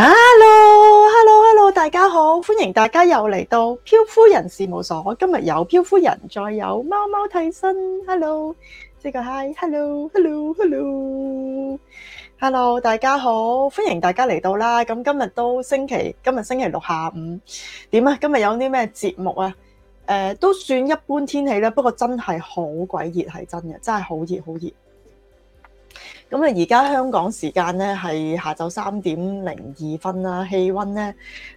Hello，Hello，Hello，Hello, Hello，大家好，歡迎大家又嚟到漂夫人事務所。今日有漂夫人，再有貓貓替身。Hello，呢個係 Hello，Hello，Hello，Hello，Hello，大家好，歡迎大家嚟到啦。咁今日都星期，今日星期六下午，點啊？今日有啲咩節目啊？誒、呃，都算一般天氣啦，不過真係好鬼熱，係真嘅，真係好熱，好熱。咁啊，而家香港時間咧係下晝三點零二分啦，氣溫咧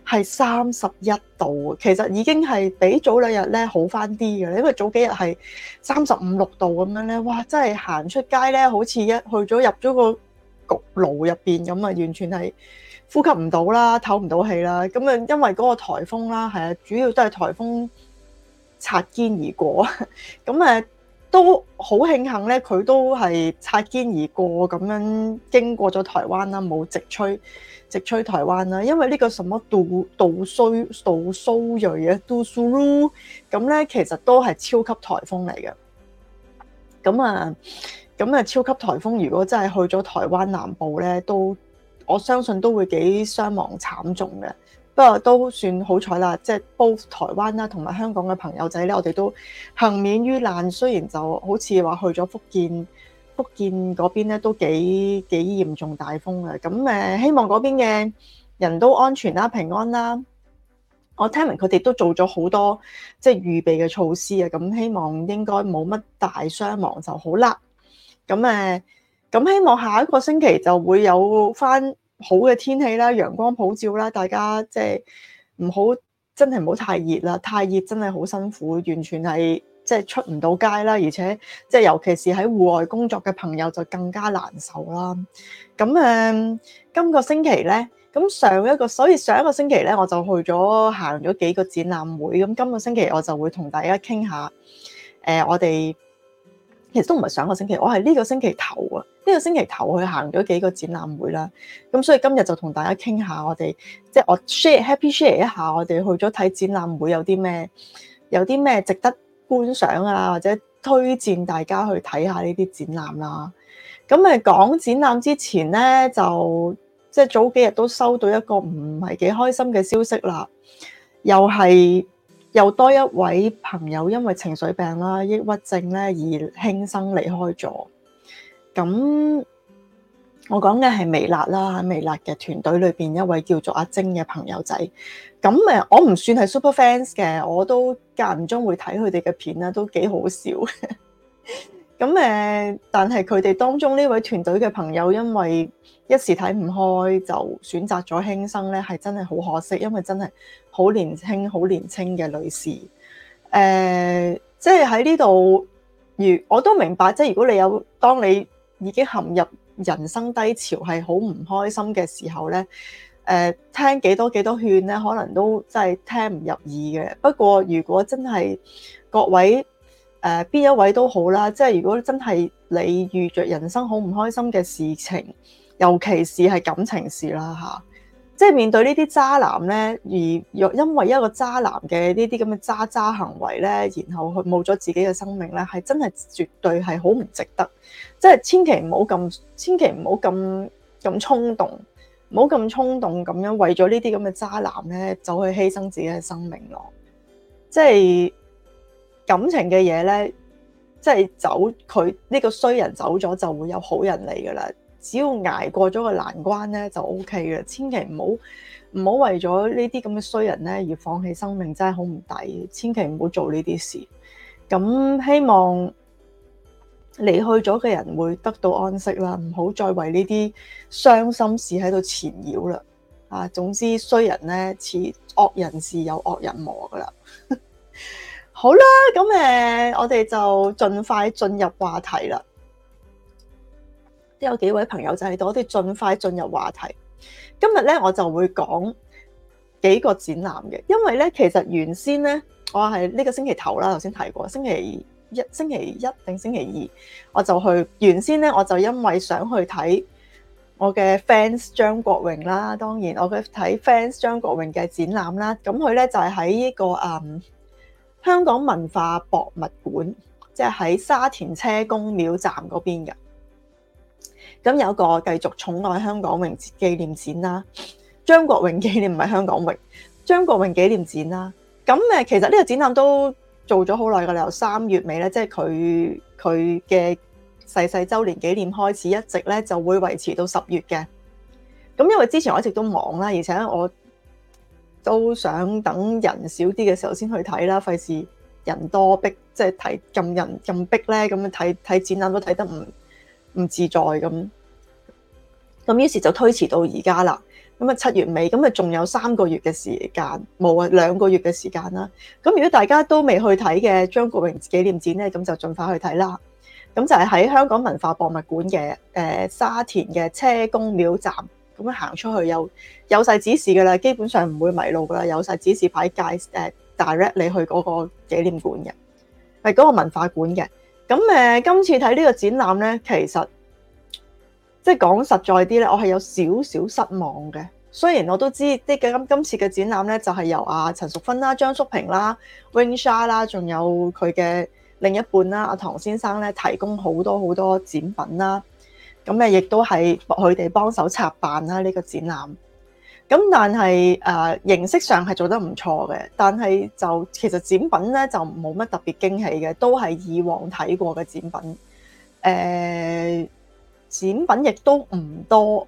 係三十一度，其實已經係比早兩日咧好翻啲嘅，因為早幾日係三十五六度咁樣咧，哇！真係行出街咧，好似一去咗入咗個焗爐入邊咁啊，完全係呼吸唔到啦，透唔到氣啦。咁啊，因為嗰個颱風啦，係啊，主要都係颱風擦肩而過啊，咁啊～都好慶幸咧，佢都係擦肩而過咁樣經過咗台灣啦，冇直吹直吹台灣啦。因為呢個什麼杜杜須杜蘇芮啊，杜蘇魯咁咧，其實都係超級颱風嚟嘅。咁啊，咁啊，超級颱風如果真係去咗台灣南部咧，都我相信都會幾傷亡慘重嘅。都算好彩啦，即係 both 台灣啦，同埋香港嘅朋友仔咧，我哋都幸免於難。雖然就好似話去咗福建，福建嗰邊咧都幾幾嚴重大風啊。咁誒，希望嗰邊嘅人都安全啦、啊、平安啦、啊。我聽聞佢哋都做咗好多即係、就是、預備嘅措施啊。咁希望應該冇乜大傷亡就好啦。咁誒，咁希望下一個星期就會有返。好嘅天氣啦，陽光普照啦，大家即係唔好真係唔好太熱啦，太熱真係好辛苦，完全係即係出唔到街啦，而且即係、就是、尤其是喺戶外工作嘅朋友就更加難受啦。咁誒，今、呃這個星期呢，咁上一個，所以上一個星期呢，我就去咗行咗幾個展覽會，咁今個星期我就會同大家傾下，誒、呃，我哋。其實都唔係上個星期，我係呢個星期頭啊，呢個星期頭去行咗幾個展覽會啦。咁所以今日就同大家傾下我哋，即係我 share happy share 一下我哋去咗睇展覽會有啲咩，有啲咩值得觀賞啊，或者推薦大家去睇下呢啲展覽啦。咁誒講展覽之前呢，就即係早幾日都收到一個唔係幾開心嘅消息啦，又係。又多一位朋友因為情緒病啦、抑鬱症咧而輕生離開咗。咁我講嘅係微辣啦，喺微辣嘅團隊裏邊一位叫做阿晶嘅朋友仔。咁誒，我唔算係 super fans 嘅，我都間唔中會睇佢哋嘅片啦，都幾好笑的。 咁誒，但係佢哋當中呢位團隊嘅朋友，因為一時睇唔開，就選擇咗輕生，呢係真係好可惜，因為真係好年輕、好年輕嘅女士。誒，即係喺呢度，如我都明白，即係如果你有，當你已經陷入人生低潮，係好唔開心嘅時候呢，誒，聽幾多幾多勸呢，可能都真係聽唔入耳嘅。不過，如果真係各位，誒，邊一位都好啦，即係如果真係你遇着人生好唔開心嘅事情，尤其是係感情事啦吓，即係面對呢啲渣男咧，而因為一個渣男嘅呢啲咁嘅渣渣行為咧，然後去冇咗自己嘅生命咧，係真係絕對係好唔值得，即係千祈唔好咁，千祈唔好咁咁衝動，唔好咁衝動咁樣為咗呢啲咁嘅渣男咧，走去犧牲自己嘅生命咯，即係。感情嘅嘢咧，即係走佢呢個衰人走咗，就會有好人嚟噶啦。只要捱過咗個難關咧，就 OK 嘅。千祈唔好唔好為咗呢啲咁嘅衰人咧而放棄生命，真係好唔抵。千祈唔好做呢啲事。咁希望離去咗嘅人會得到安息啦，唔好再為呢啲傷心事喺度纏繞啦。啊，總之衰人咧似惡人事，事有惡人磨噶啦。 好啦，咁誒，我哋就盡快進入話題啦。都有幾位朋友就喺度，我哋盡快進入話題。今日咧，我就會講幾個展覽嘅，因為咧，其實原先咧，我係呢個星期頭啦，頭先提過，星期一、星期一定星期二，我就去。原先咧，我就因為想去睇我嘅 fans 張國榮啦，當然我嘅睇 fans 張國榮嘅展覽啦，咁佢咧就係喺呢個誒。嗯香港文化博物館，即係喺沙田車公廟站嗰邊嘅。咁有個繼續寵愛香港榮紀念展啦，張國榮紀念唔係香港榮，張國榮紀念展啦。咁誒，其實呢個展覽都做咗好耐㗎喇，由三月尾咧，即係佢佢嘅細細週年紀念開始，一直咧就會維持到十月嘅。咁因為之前我一直都忙啦，而且我。都想等人少啲嘅時候先去睇啦，費事人多逼，即係睇咁人咁逼咧，咁樣睇睇展覽都睇得唔唔自在咁。咁於是就推遲到而家啦。咁啊七月尾，咁啊仲有三個月嘅時間，冇啊兩個月嘅時間啦。咁如果大家都未去睇嘅張國榮紀念展咧，咁就盡快去睇啦。咁就係喺香港文化博物館嘅誒、呃、沙田嘅車公廟站。咁樣行出去有有晒指示噶啦，基本上唔會迷路噶啦，有晒指示牌介誒 direct 你去嗰個紀念館嘅，係、那、嗰個文化館嘅。咁誒、呃、今次睇呢個展覽咧，其實即係講實在啲咧，我係有少少失望嘅。雖然我都知啲嘅今今次嘅展覽咧，就係、是、由阿、啊、陳淑芬啦、張叔平啦、Wing Shya、啊、啦，仲有佢嘅另一半啦阿、啊、唐先生咧，提供好多好多展品啦。咁亦都係佢哋幫手策辦啦、啊、呢、呢個展覽。咁但係、呃，形式上係做得唔錯嘅。但係就其實展品咧，就冇乜特別驚喜嘅，都係以往睇過嘅展品。誒、呃、展品亦都唔多。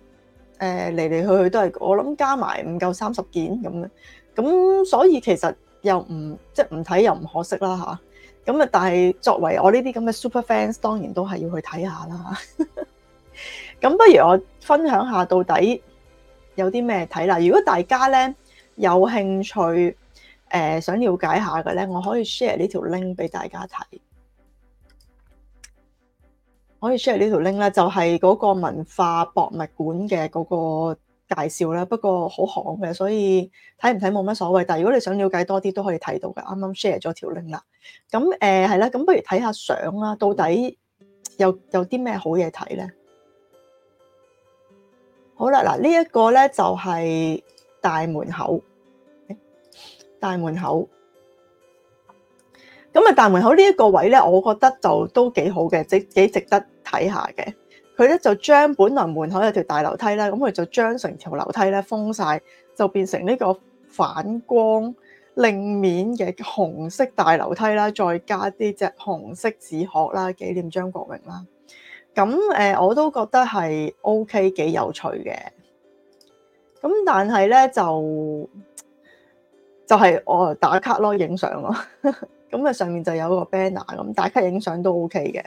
嚟、呃、嚟去去都係我諗加埋唔夠三十件咁樣。咁所以其實又唔即係唔睇又唔可惜啦吓咁啊，但係作為我呢啲咁嘅 super fans，當然都係要去睇下啦。 咁不如我分享下到底有啲咩睇啦？如果大家咧有興趣，誒、呃、想了解下嘅咧，我可以 share 呢條 link 俾大家睇。可以 share 呢條 link 咧，就係、是、嗰個文化博物館嘅嗰個介紹啦。不過好行嘅，所以睇唔睇冇乜所謂。但係如果你想了解多啲，都可以睇到嘅。啱啱 share 咗條 link 啦。咁誒係啦。咁、呃、不如睇下相啦，到底有有啲咩好嘢睇咧？好啦，嗱，呢一個咧就係大門口，大門口。咁啊，大門口呢一個位咧，我覺得就都幾好嘅，即幾值得睇下嘅。佢咧就將本來門口有條大樓梯啦，咁佢就將成條樓梯咧封晒，就變成呢個反光令面嘅紅色大樓梯啦，再加啲隻紅色紙鶴啦，紀念張國榮啦。咁誒、呃，我都覺得係 OK，幾有趣嘅。咁但係咧，就就係、是、我、哦、打卡咯，影相咯。咁啊，上面就有一個 banner，咁打卡影相都 OK 嘅。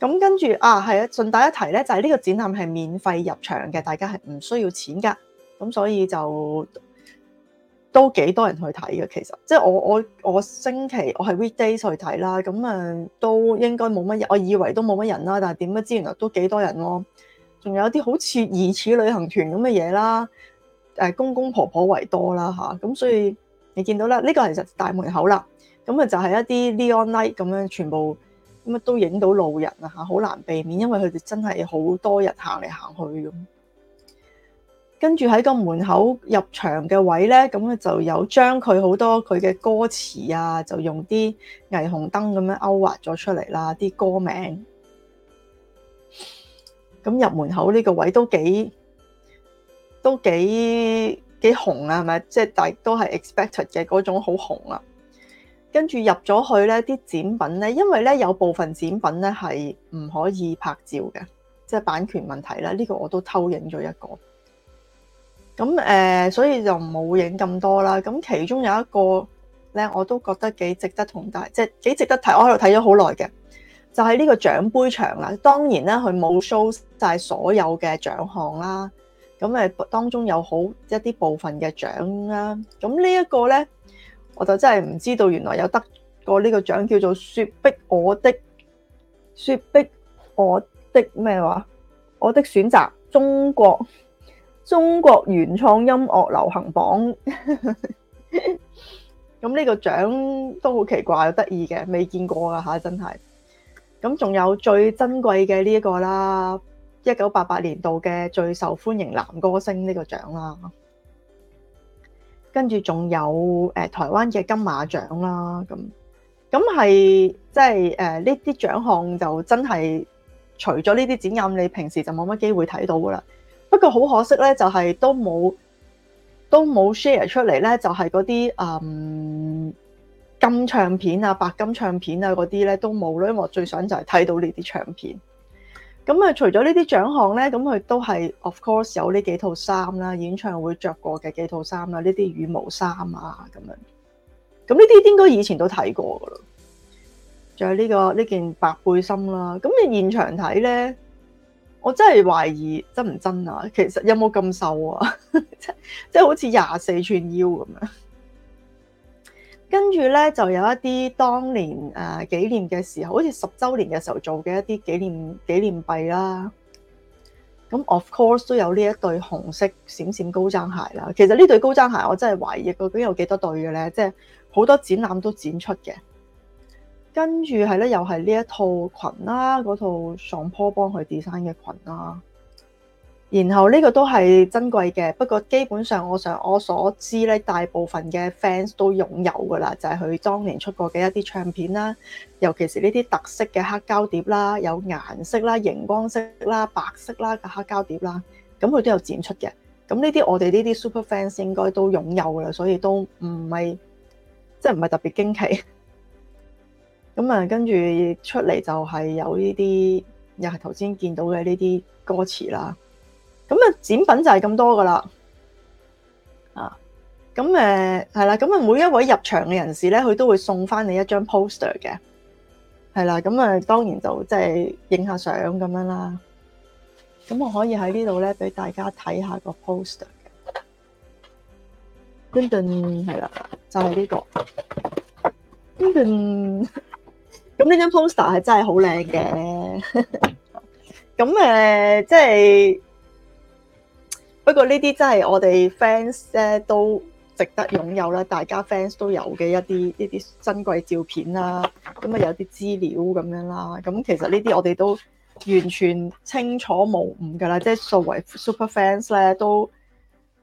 咁跟住啊，係啊，順帶一提咧，就係、是、呢個展覽係免費入場嘅，大家係唔需要錢㗎。咁所以就。都幾多人去睇嘅，其實即係我我我星期我係 weekdays 去睇啦，咁啊都應該冇乜人，我以為都冇乜人啦，但係點解知原來都幾多人咯？仲有啲好似疑似旅行團咁嘅嘢啦，誒公公婆婆為多啦吓，咁所以你見到啦，呢、這個其實大門口啦，咁啊就係一啲 neon light 咁樣，全部咁啊都影到路人啊吓，好難避免，因為佢哋真係好多人行嚟行去咁。跟住喺個門口入場嘅位咧，咁啊就有將佢好多佢嘅歌詞啊，就用啲霓虹燈咁樣勾畫咗出嚟啦。啲歌名咁入門口呢個位都幾都幾幾紅啊，係咪？即係大都係 expected 嘅嗰種好紅啊。跟住入咗去咧，啲展品咧，因為咧有部分展品咧係唔可以拍照嘅，即係版權問題啦。呢個我都偷影咗一個。咁誒，所以就冇影咁多啦。咁其中有一個咧，我都覺得幾值得同大，即係幾值得睇。我喺度睇咗好耐嘅，就係呢個獎杯牆啦。當然啦，佢冇 show 曬所有嘅獎項啦。咁誒，當中有好一啲部分嘅獎啦。咁呢一個咧，我就真係唔知道，原來有得過呢個獎叫做《雪碧我的雪碧我的咩話》，我的選擇中國。中國原創音樂流行榜，咁呢個獎都好奇怪得意嘅，未見過㗎吓，真係。咁仲有最珍貴嘅呢一個啦，一九八八年度嘅最受歡迎男歌星呢個獎啦，跟住仲有誒、呃、台灣嘅金馬獎啦，咁咁係即係誒呢啲獎項就真係除咗呢啲展覽，你平時就冇乜機會睇到噶啦。不過好可惜咧，就係都冇都冇 share 出嚟咧，就係嗰啲嗯金唱片啊、白金唱片啊嗰啲咧都冇啦。因為我最想就係睇到呢啲唱片。咁啊，除咗呢啲獎項咧，咁佢都係 of course 有呢幾套衫啦，演唱會着過嘅幾套衫啦，呢啲羽毛衫啊咁樣。咁呢啲應該以前都睇過噶啦。仲有呢個呢件白背心啦，咁你現場睇咧。我真係懷疑真唔真啊！其實有冇咁瘦啊？即 即好似廿四寸腰咁樣。跟住咧就有一啲當年誒、啊、紀念嘅時候，好似十週年嘅時候做嘅一啲紀念紀念幣啦。咁 of course 都有呢一對紅色閃閃高踭鞋啦。其實呢對高踭鞋我真係懷疑究竟有幾多對嘅咧，即係好多展覽都展出嘅。跟住係咧，又係呢一套裙啦，嗰套 Jean Paul 幫佢 design 嘅裙啦。然後呢個都係珍貴嘅，不過基本上我上我所知咧，大部分嘅 fans 都擁有噶啦，就係佢當年出過嘅一啲唱片啦，尤其是呢啲特色嘅黑膠碟啦，有顏色啦、熒光色啦、白色啦嘅黑膠碟啦，咁佢都有展出嘅。咁呢啲我哋呢啲 super fans 應該都擁有噶啦，所以都唔係即係唔係特別驚奇。咁啊，跟住出嚟就係有呢啲，又係頭先見到嘅呢啲歌詞啦。咁啊，展品就係咁多噶啦。啊，咁誒，係啦，咁啊，每一位入場嘅人士咧，佢都會送翻你一張 poster 嘅。係啦，咁啊，當然就即係影下相咁樣啦。咁我可以喺呢度咧，俾大家睇下個 poster 嘅。噔噔，係啦，就係呢個。噔噔。咁呢張 poster 係真係好靚嘅，咁 誒、呃，即係不過呢啲真係我哋 fans 咧都值得擁有啦，大家 fans 都有嘅一啲呢啲珍貴照片啦，咁啊有啲資料咁樣啦，咁其實呢啲我哋都完全清楚冇誤噶啦，即係作為 super fans 咧都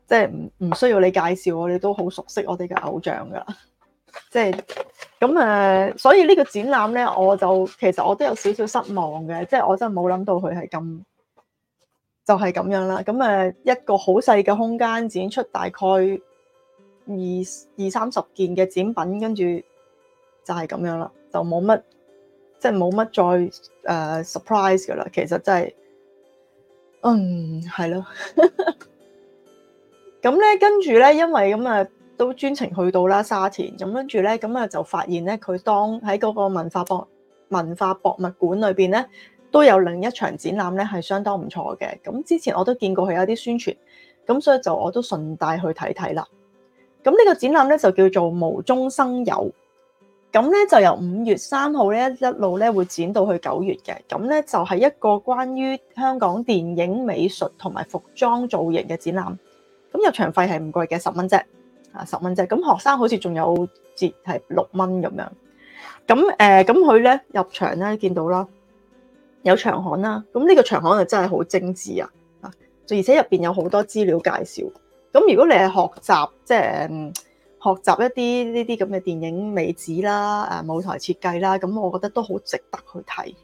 即係唔唔需要你介紹，我哋都好熟悉我哋嘅偶像噶啦。即係咁誒，所以呢個展覽咧，我就其實我都有少少失望嘅，即係我真係冇諗到佢係咁，就係咁樣啦。咁誒，一個好細嘅空間展出大概二二三十件嘅展品，跟住就係咁樣啦，就冇乜，即係冇乜再誒 surprise 噶啦。其實真係，嗯，係咯。咁 咧，跟住咧，因為咁啊。都專程去到啦沙田，咁跟住咧，咁啊就發現咧，佢當喺嗰個文化博文化博物館裏邊咧，都有另一場展覽咧，係相當唔錯嘅。咁之前我都見過佢有啲宣傳，咁所以就我都順帶去睇睇啦。咁、這、呢個展覽咧就叫做無中生有，咁咧就由五月三號咧一路咧會展到去九月嘅。咁咧就係、是、一個關於香港電影美術同埋服裝造型嘅展覽。咁入場費係唔貴嘅十蚊啫。啊十蚊啫，咁學生好似仲有折係六蚊咁樣。咁誒，咁佢咧入場咧見到啦，有場刊啦。咁呢個場刊就真係好精緻啊！啊，而且入邊有好多資料介紹。咁如果你係學習即係、就是嗯、學習一啲呢啲咁嘅電影美指啦、啊舞台設計啦，咁我覺得都好值得去睇。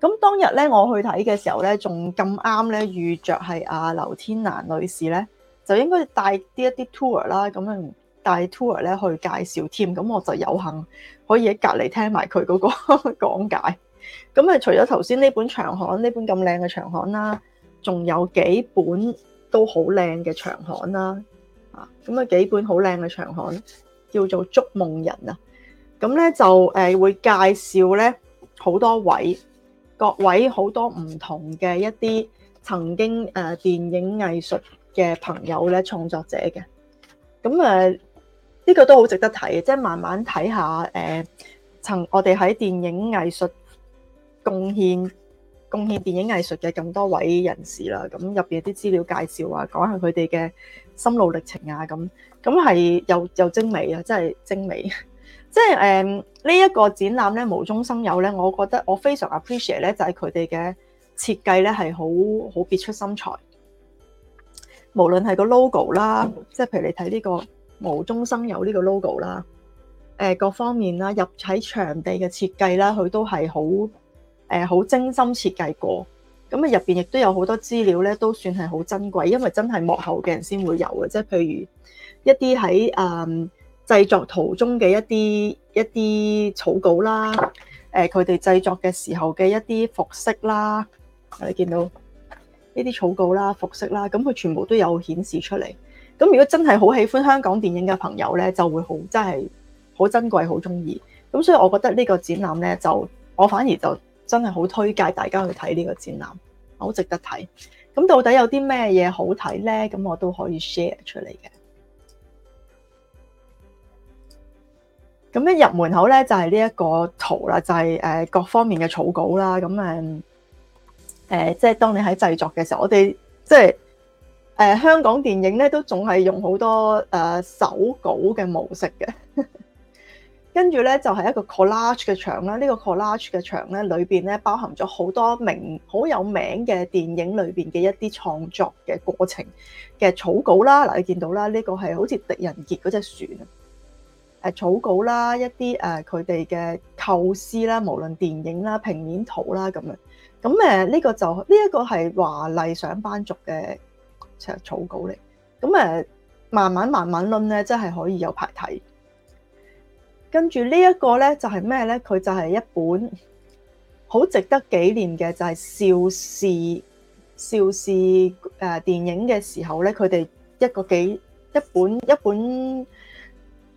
咁當日咧我去睇嘅時候咧，仲咁啱咧遇着係阿劉天蘭女士咧。就應該帶啲一啲 tour 啦，咁樣帶 tour 咧去介紹添。咁我就有幸可以喺隔離聽埋佢嗰個講解。咁啊，除咗頭先呢本長刊，呢本咁靚嘅長刊啦，仲有幾本都好靚嘅長刊啦。啊，咁啊幾本好靚嘅長刊叫做《捉夢人》啊。咁咧就誒會介紹咧好多位各位好多唔同嘅一啲曾經誒電影藝術，嘅朋友咧，創作者嘅，咁誒呢個都好值得睇，即係慢慢睇下誒、呃、曾我哋喺電影藝術貢獻貢獻電影藝術嘅咁多位人士啦，咁入邊啲資料介紹啊，講下佢哋嘅心路歷程啊，咁咁係又又精美啊，真係精美，精美 即係誒呢一個展覽咧，無中生有咧，我覺得我非常 appreciate 咧，就係佢哋嘅設計咧，係好好別出心裁。無論係個 logo 啦，即係譬如你睇呢個無中生有呢個 logo 啦，誒各方面啦，入喺場地嘅設計啦，佢都係好誒好精心設計過。咁啊入邊亦都有好多資料咧，都算係好珍貴，因為真係幕後嘅人先會有嘅。即係譬如一啲喺誒製作途中嘅一啲一啲草稿啦，誒佢哋製作嘅時候嘅一啲服飾啦，你見到。呢啲草稿啦、服飾啦，咁佢全部都有顯示出嚟。咁如果真係好喜歡香港電影嘅朋友咧，就會好真係好珍貴、好鍾意。咁所以，我覺得呢個展覽咧，就我反而就真係好推介大家去睇呢個展覽，好值得睇。咁到底有啲咩嘢好睇咧？咁我都可以 share 出嚟嘅。咁一入門口咧，就係呢一個圖啦，就係、是、誒各方面嘅草稿啦，咁誒。誒、呃，即係當你喺製作嘅時候，我哋即係誒、呃、香港電影咧，都仲係用好多誒、呃、手稿嘅模式嘅。跟住咧，就係、是、一個 collage 嘅牆啦。呢、這個 collage 嘅牆咧，裏邊咧包含咗好多名好有名嘅電影裏邊嘅一啲創作嘅過程嘅草稿啦。嗱、呃，你見到啦，呢、這個係好似狄仁傑嗰隻船啊，誒、呃、草稿啦，一啲誒佢哋嘅。呃構思啦，無論電影啦、平面圖啦咁樣，咁誒呢個就呢一個係華麗上班族嘅長草稿嚟，咁誒慢慢慢慢論咧，真係可以有排睇。跟住呢一個咧就係咩咧？佢就係一本好值得紀念嘅，就係邵氏邵氏誒電影嘅時候咧，佢哋一個幾一本一本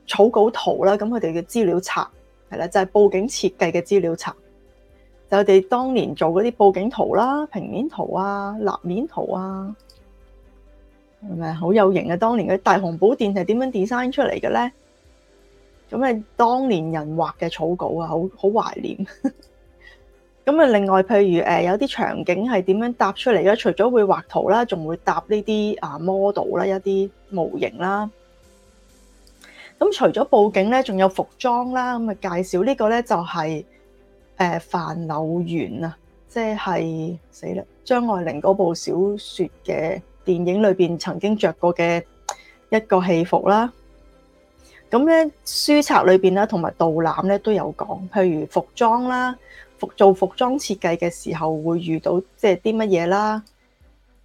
草稿圖啦，咁佢哋嘅資料冊。係啦，就係布景設計嘅資料層，就是，我哋當年做嗰啲布景圖啦、平面圖啊、立面圖啊，係咪好有型啊？當年嘅大雄寶殿係點樣 design 出嚟嘅咧？咁啊，當年人畫嘅草稿啊，好好懷念。咁啊，另外譬如誒，有啲場景係點樣搭出嚟嘅？除咗會畫圖啦，仲會搭呢啲啊 model 啦，一啲模型啦。咁除咗布景咧，仲有服裝啦。咁啊，介紹呢個咧就係誒《范柳原》啊，即係死啦張愛玲嗰部小説嘅電影裏邊曾經著過嘅一個戲服啦。咁咧書冊裏邊啦，同埋導覽咧都有講，譬如服裝啦，服做服裝設計嘅時候會遇到即係啲乜嘢啦。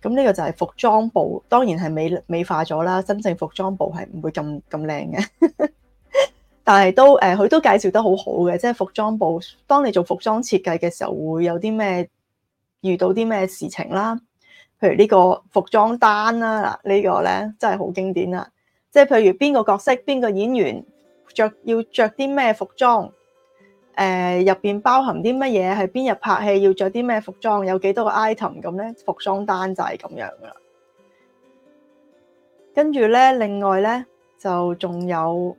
咁呢個就係服裝部，當然係美美化咗啦。真正服裝部係唔會咁咁靚嘅， 但係都誒，佢、呃、都介紹得好好嘅。即、就、係、是、服裝部，當你做服裝設計嘅時候，會有啲咩遇到啲咩事情啦？譬如呢個服裝單啦、啊，嗱、這個、呢個咧真係好經典啦、啊。即、就、係、是、譬如邊個角色邊個演員着要着啲咩服裝？誒，入邊包含啲乜嘢？係邊日拍戲要著啲咩服裝？有幾多個 item 咁咧？服裝單就係咁樣啦。跟住咧，另外咧就仲有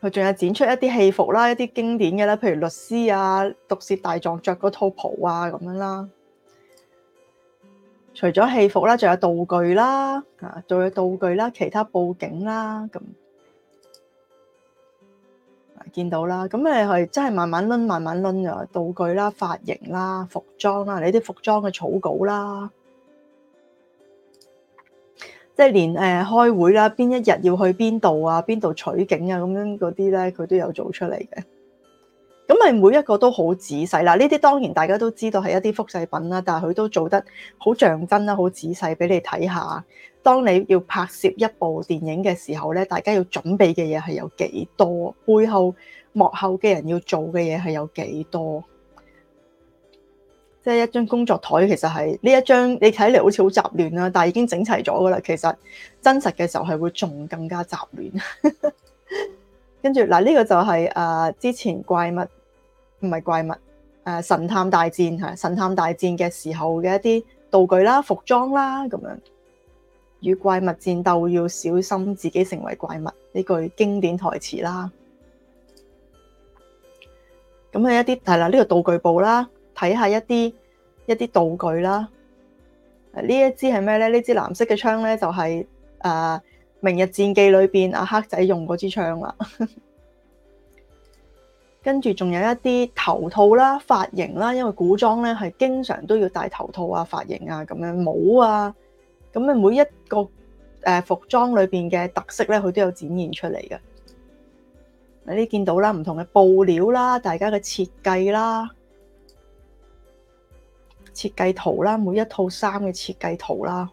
佢仲有展出一啲戲服啦，一啲經典嘅啦，譬如律師啊、毒舌大狀著嗰套袍啊咁樣啦。除咗戲服啦，仲有道具啦，啊，仲有道具啦，其他佈景啦咁。見到啦，咁你係真係慢慢輪，慢慢輪啊，道具啦、髮型啦、服裝啦，你啲服裝嘅草稿啦，即係連誒開會啦，邊一日要去邊度啊，邊度取景啊，咁樣嗰啲咧，佢都有做出嚟嘅。咁咪每一個都好仔細啦！呢啲當然大家都知道係一啲複製品啦，但係佢都做得好象真啦，好仔細俾你睇下。當你要拍攝一部電影嘅時候咧，大家要準備嘅嘢係有幾多？背後幕後嘅人要做嘅嘢係有幾多？即係一張工作台其實係呢一張，你睇嚟好似好雜亂啦，但係已經整齊咗噶啦。其實真實嘅時候係會仲更加雜亂。 跟住嗱，呢、這個就係、是、誒、呃、之前怪物唔係怪物誒、呃、神探大戰嚇神探大戰嘅時候嘅一啲道具啦、服裝啦咁樣，與怪物戰鬥要小心自己成為怪物呢句、這個、經典台詞啦。咁係一啲係啦，呢、這個道具部啦，睇下一啲一啲道具啦。一呢一支係咩咧？呢支藍色嘅槍咧，就係、是、誒。呃《明日戰記》裏邊阿黑仔用嗰支槍啦，跟住仲有一啲頭套啦、髮型啦，因為古裝咧係經常都要戴頭套啊、髮型啊咁樣帽啊，咁啊每一個誒服裝裏邊嘅特色咧，佢都有展現出嚟嘅。你都見到啦，唔同嘅布料啦，大家嘅設計啦、設計圖啦，每一套衫嘅設計圖啦。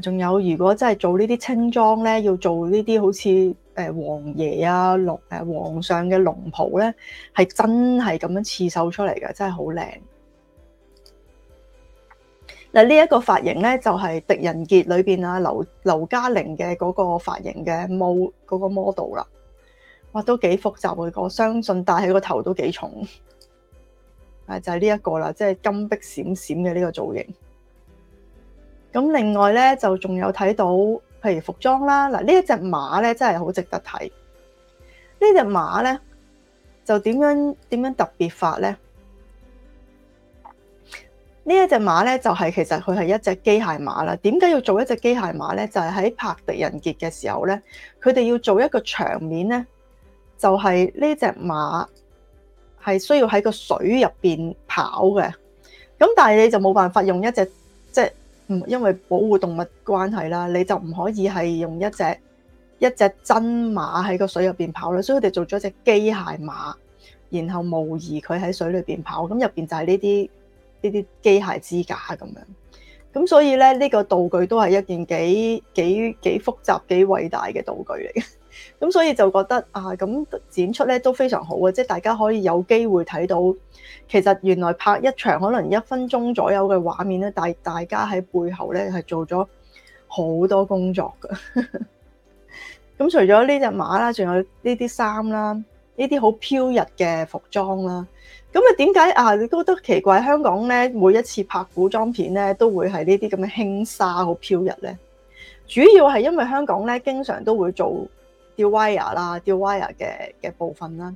仲有，如果真係做這些青呢啲清裝咧，要做呢啲好似誒皇爺啊、龍誒皇上嘅龍袍咧，係真係咁樣刺繡出嚟嘅，真係好靚。嗱、啊，呢、這、一個髮型咧，就係狄仁傑裏邊啊，劉劉嘉玲嘅嗰個髮型嘅模嗰個 model 啦。哇，都幾複雜嘅我相信戴喺個頭都幾重。啊，就係呢一個啦，即、就、係、是、金碧閃閃嘅呢個造型。咁另外咧，就仲有睇到，譬如服裝啦，嗱呢一隻馬咧，真係好值得睇。呢隻呢隻馬咧，就點樣點樣特別法咧？呢一隻馬咧，就係、係、其實佢係一隻機械馬啦。點解要做一隻機械馬咧？就係喺拍狄仁傑嘅時候咧，佢哋要做一個場面咧，就係呢隻馬係需要喺個水入邊跑嘅。咁但係你就冇辦法用一隻即係。唔，因為保護動物關係啦，你就唔可以係用一隻一隻真馬喺個水入邊跑啦，所以佢哋做咗一隻機械馬，然後模擬佢喺水裏邊跑，咁入邊就係呢啲呢啲機械支架咁樣，咁所以咧呢個道具都係一件幾幾幾複雜幾偉大嘅道具嚟嘅。咁所以就覺得啊，咁展出咧都非常好嘅，即係大家可以有機會睇到。其實原來拍一場可能一分鐘左右嘅畫面咧，大大家喺背後咧係做咗好多工作㗎。咁 除咗呢隻馬啦，仲有呢啲衫啦，呢啲好飄逸嘅服裝啦。咁啊，點解啊都覺得奇怪？香港咧每一次拍古裝片咧，都會係呢啲咁嘅輕紗好飄逸咧。主要係因為香港咧，經常都會做，吊 wire 啦，吊 wire 嘅嘅部分啦，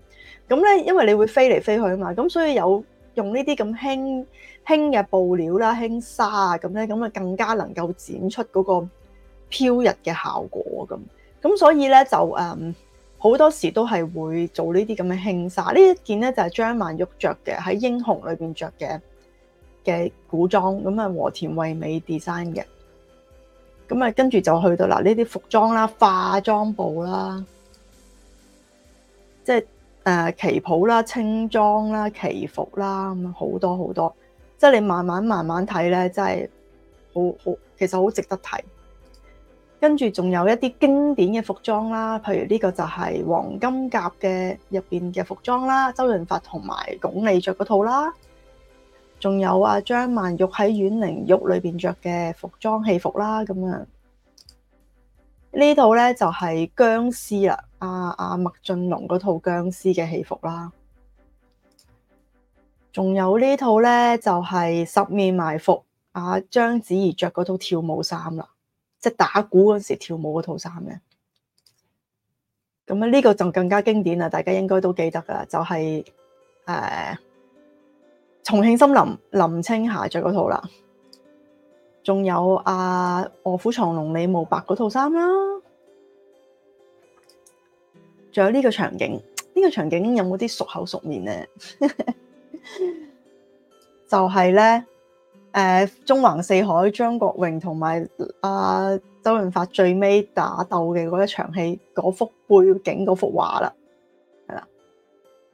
咁咧因為你會飛嚟飛去啊嘛，咁所以有用呢啲咁輕輕嘅布料啦，輕紗啊咁咧，咁啊更加能夠展出嗰個飄逸嘅效果咁，咁所以咧就誒好多時都係會做呢啲咁嘅輕紗。呢一件咧就係張曼玉着嘅喺《英雄》裏邊着嘅嘅古裝，咁啊和田惠美 design 嘅。咁啊，跟住就去到喇，呢啲服裝啦、化妝部啦，即係誒、呃、旗袍啦、清裝啦、旗服啦，咁好多好多。即係你慢慢慢慢睇咧，真係好好，其實好值得睇。跟住仲有一啲經典嘅服裝啦，譬如呢個就係黃金甲嘅入邊嘅服裝啦，周潤發同埋鞏俐着嗰套啦。仲有啊，張曼玉喺《阮玲玉》裏邊着嘅服裝戲服啦，咁啊呢套咧就係僵屍啦，啊，阿、啊、麥浚龍嗰套僵屍嘅戲服啦。仲有呢套咧就係《十面埋伏》，啊，章子怡着嗰套跳舞衫啦，即係打鼓嗰時候跳舞嗰套衫嘅。咁啊呢個就更加經典啦，大家應該都記得噶，就係、是、誒。啊《重慶森林》林青霞着嗰套啦，仲有《阿、啊、臥虎藏龍》李慕白嗰套衫啦，仲有呢個場景，呢、這個場景有冇啲熟口熟面咧？ 就係、是、咧，誒、呃《縱橫四海》張國榮同埋阿周潤發最尾打鬥嘅嗰一場戲，嗰幅背景嗰幅畫啦。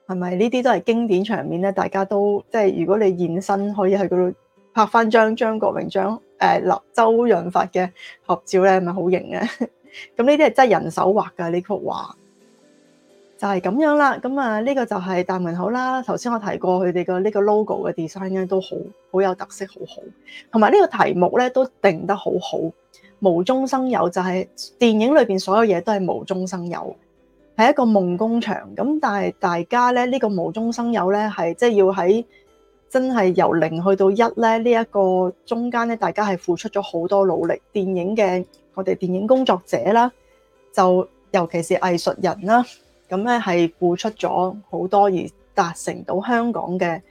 係咪呢啲都係經典場面咧？大家都即係如果你現身，可以喺嗰度拍翻張張國榮張誒林周潤發嘅合照咧，咪好型嘅？咁呢啲係真人手畫噶，呢幅畫，就係咁樣啦。咁啊，呢個就係大門口啦。頭先我提過佢哋個呢個 logo 嘅 design 咧，都好好有特色，好好。同埋呢個題目咧都定得好好，無中生有就係電影裏邊所有嘢都係無中生有。係一個夢工場咁，但係大家咧呢個無中生有咧，係即係要喺真係由零去到一咧呢一個中間咧，大家係付出咗好多努力。電影嘅我哋電影工作者啦，就尤其是藝術人啦，咁咧係付出咗好多而達成到香港嘅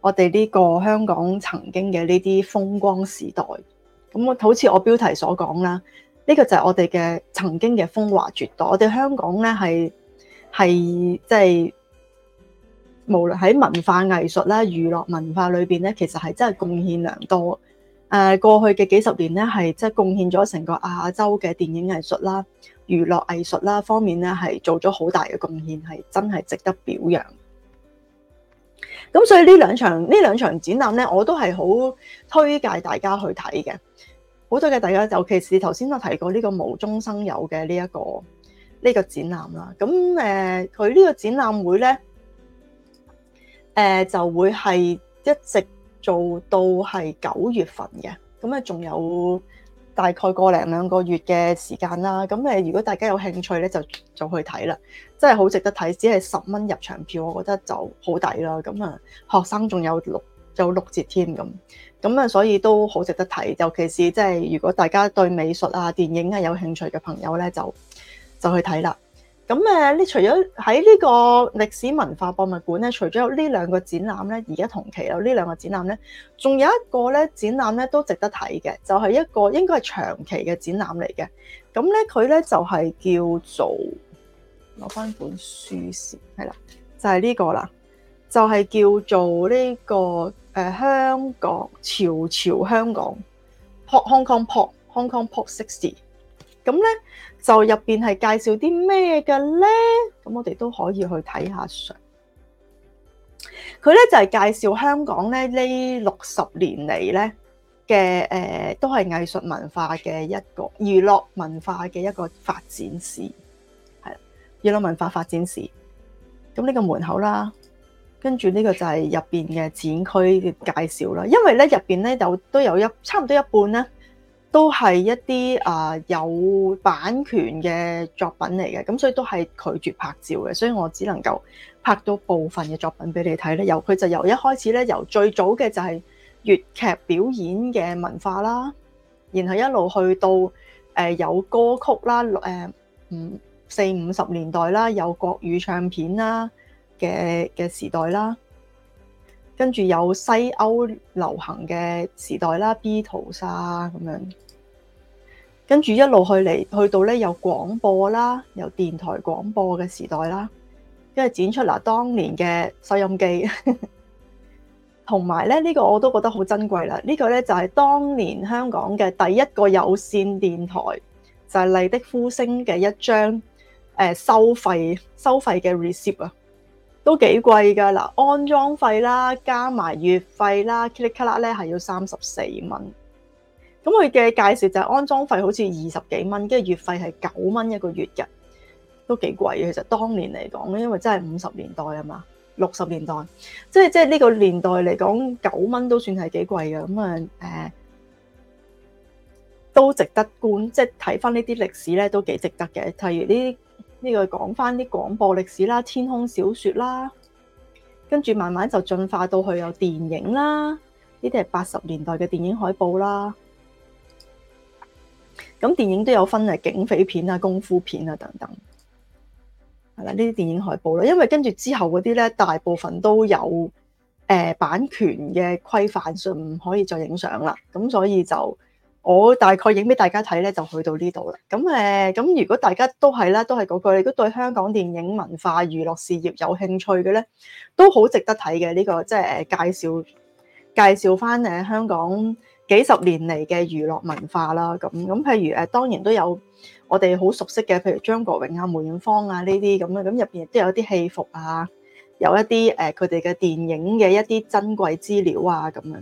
我哋呢個香港曾經嘅呢啲風光時代。咁好似我標題所講啦。呢個就係我哋嘅曾經嘅風華絕代，我哋香港咧係係即係無論喺文化藝術啦、娛樂文化裏邊咧，其實係真係貢獻良多。誒、呃，過去嘅幾十年咧，係即係貢獻咗成個亞洲嘅電影藝術啦、娛樂藝術啦方面咧，係做咗好大嘅貢獻，係真係值得表揚。咁所以呢兩場呢兩場展覽咧，我都係好推介大家去睇嘅。好多謝大家，尤其是頭先我提過呢個無中生有嘅呢一個呢、呢個展覽啦。咁誒，佢、呃、呢個展覽會咧，誒、呃、就會係一直做到係九月份嘅。咁啊，仲有大概個零兩個月嘅時間啦。咁誒，如果大家有興趣咧，就就去睇啦。真係好值得睇，只係十蚊入場票，我覺得就好抵啦。咁啊，學生仲有六有六節添咁，咁啊，所以都好值得睇。尤其是即係如果大家對美術啊、電影啊有興趣嘅朋友咧，就就去睇啦。咁誒，你除咗喺呢個歷史文化博物館咧，除咗有呢兩個展覽咧，而家同期有呢兩個展覽咧，仲有一個咧展覽咧都值得睇嘅，就係一個應該係長期嘅展覽嚟嘅。咁咧，佢咧就係叫做攞翻本書先，係啦，就係呢個啦，就係叫做呢個。誒，香港潮潮香港，撲香港扑香港撲 sixty，咁咧就入邊係介紹啲咩嘅咧？咁我哋都可以去睇下上。佢咧就係、是、介紹香港咧呢六十年嚟咧嘅誒，都係藝術文化嘅一個娛樂文化嘅一個發展史，係娛樂文化發展史。咁呢個門口啦。跟住呢個就係入邊嘅展區嘅介紹啦，因為咧入邊咧有都有一差唔多一半咧，都係一啲啊、呃、有版權嘅作品嚟嘅，咁所以都係拒絕拍照嘅，所以我只能夠拍到部分嘅作品俾你睇咧。由佢就由一開始咧，由最早嘅就係粵劇表演嘅文化啦，然後一路去到誒、呃、有歌曲啦，誒五四五十年代啦，有國語唱片啦。嘅嘅時代啦，跟住有西歐流行嘅時代啦，B 土沙咁樣，跟住一路去嚟去到咧，有廣播啦，有電台廣播嘅時代啦，跟住展出嗱，當年嘅收音機，同埋咧呢、這個我都覺得好珍貴啦。這個、呢個咧就係、是、當年香港嘅第一個有線電台，就係、是、麗的呼聲嘅一張誒、呃、收費收費嘅 receipt 啊。都幾貴噶嗱，安裝費啦，加埋月費啦噼里咔啦咧係要三十四蚊。咁佢嘅介紹就係安裝費好似二十幾蚊，跟住月費係九蚊一個月嘅，都幾貴嘅。其實當年嚟講咧，因為真係五十年代啊嘛，六十年代，即係即係呢個年代嚟講，九蚊都算係幾貴嘅。咁啊，誒、呃，都值得觀，即係睇翻呢啲歷史咧，都幾值得嘅。例如呢啲。呢個講翻啲廣播歷史啦，天空小説啦，跟住慢慢就進化到去有電影啦，呢啲係八十年代嘅電影海報啦。咁電影都有分誒警匪片啊、功夫片啊等等，係啦，呢啲電影海報啦。因為跟住之後嗰啲咧，大部分都有誒、呃、版權嘅規範，就唔可以再影相啦。咁所以就。我大概影俾大家睇咧，就去到呢度啦。咁誒，咁如果大家都係啦，都係嗰句，都對香港電影文化娛樂事業有興趣嘅咧，都好值得睇嘅呢個，即係誒介紹介紹翻誒香港幾十年嚟嘅娛樂文化啦。咁咁，譬如誒，當然都有我哋好熟悉嘅，譬如張國榮啊、梅艷芳啊呢啲咁樣。咁入邊亦都有啲戲服啊，有一啲誒佢哋嘅電影嘅一啲珍貴資料啊咁樣。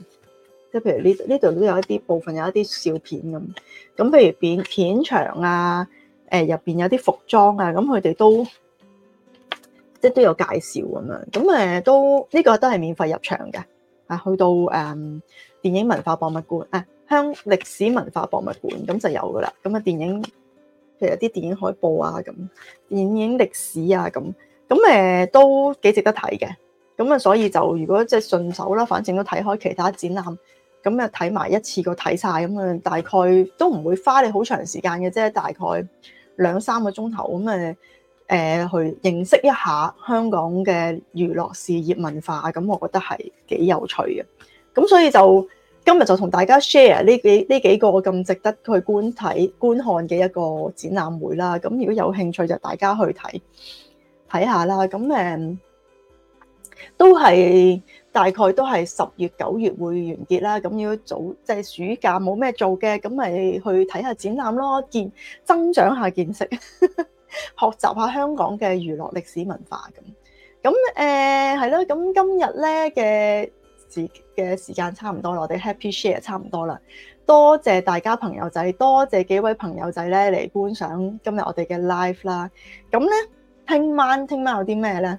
即係譬如呢，呢度都有一啲部分，有一啲笑片咁，咁譬如片片場啊，誒入邊有啲服裝啊，咁佢哋都即係、就是、都有介紹咁樣，咁誒都呢、呢個都係免費入場嘅，啊去到誒、嗯、電影文化博物館啊，香歷史文化博物館咁就有噶啦，咁啊電影譬如有啲電影海報啊咁，電影歷史啊咁，咁誒都幾值得睇嘅，咁啊所以就如果即係順手啦，反正都睇開其他展覽。咁啊，睇埋一次過睇晒，咁啊，大概都唔會花你好長時間嘅啫，大概兩三個鐘頭咁誒，誒去認識一下香港嘅娛樂事業文化啊，咁我覺得係幾有趣嘅。咁所以就今日就同大家 share 呢幾呢幾個咁值得去觀睇觀看嘅一個展覽會啦。咁如果有興趣就大家去睇睇下啦。咁誒，都係。大概都係十月九月會完結啦，咁要早，即係暑假冇咩做嘅，咁咪去睇下展覽咯，見增長一下見識，呵呵學習下香港嘅娛樂歷史文化咁。咁誒係咯，咁今日咧嘅時嘅時間差唔多啦，我哋 Happy Share 差唔多啦，多謝大家朋友仔，多謝幾位朋友仔咧嚟觀賞今日我哋嘅 Live 啦。咁咧，聽晚聽晚有啲咩咧？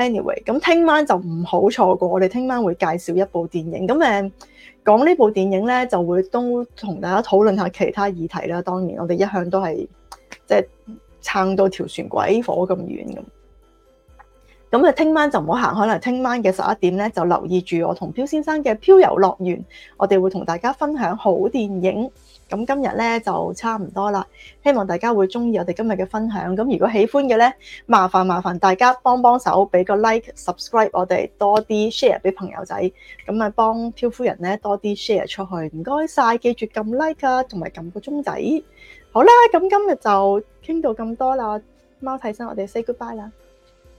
Anyway，咁聽晚就唔好錯過，我哋聽晚會介紹一部電影。咁誒，講呢部電影咧，就會都同大家討論下其他議題啦。當然，我哋一向都係即係撐到條船鬼火咁遠咁。咁啊，聽晚就唔好行，可能聽晚嘅十一點咧，就留意住我同漂先生嘅漂遊樂園，我哋會同大家分享好電影。咁今日咧就差唔多啦，希望大家會中意我哋今日嘅分享。咁如果喜歡嘅咧，麻煩麻煩大家幫幫手，俾個 like、subscribe 我哋多啲，share 俾朋友仔，咁啊幫漂夫人咧多啲 share 出去。唔該晒，記住撳 like 啊，同埋撳個鐘仔。好啦，咁今日就傾到咁多啦，貓睇生，我哋 say goodbye 啦。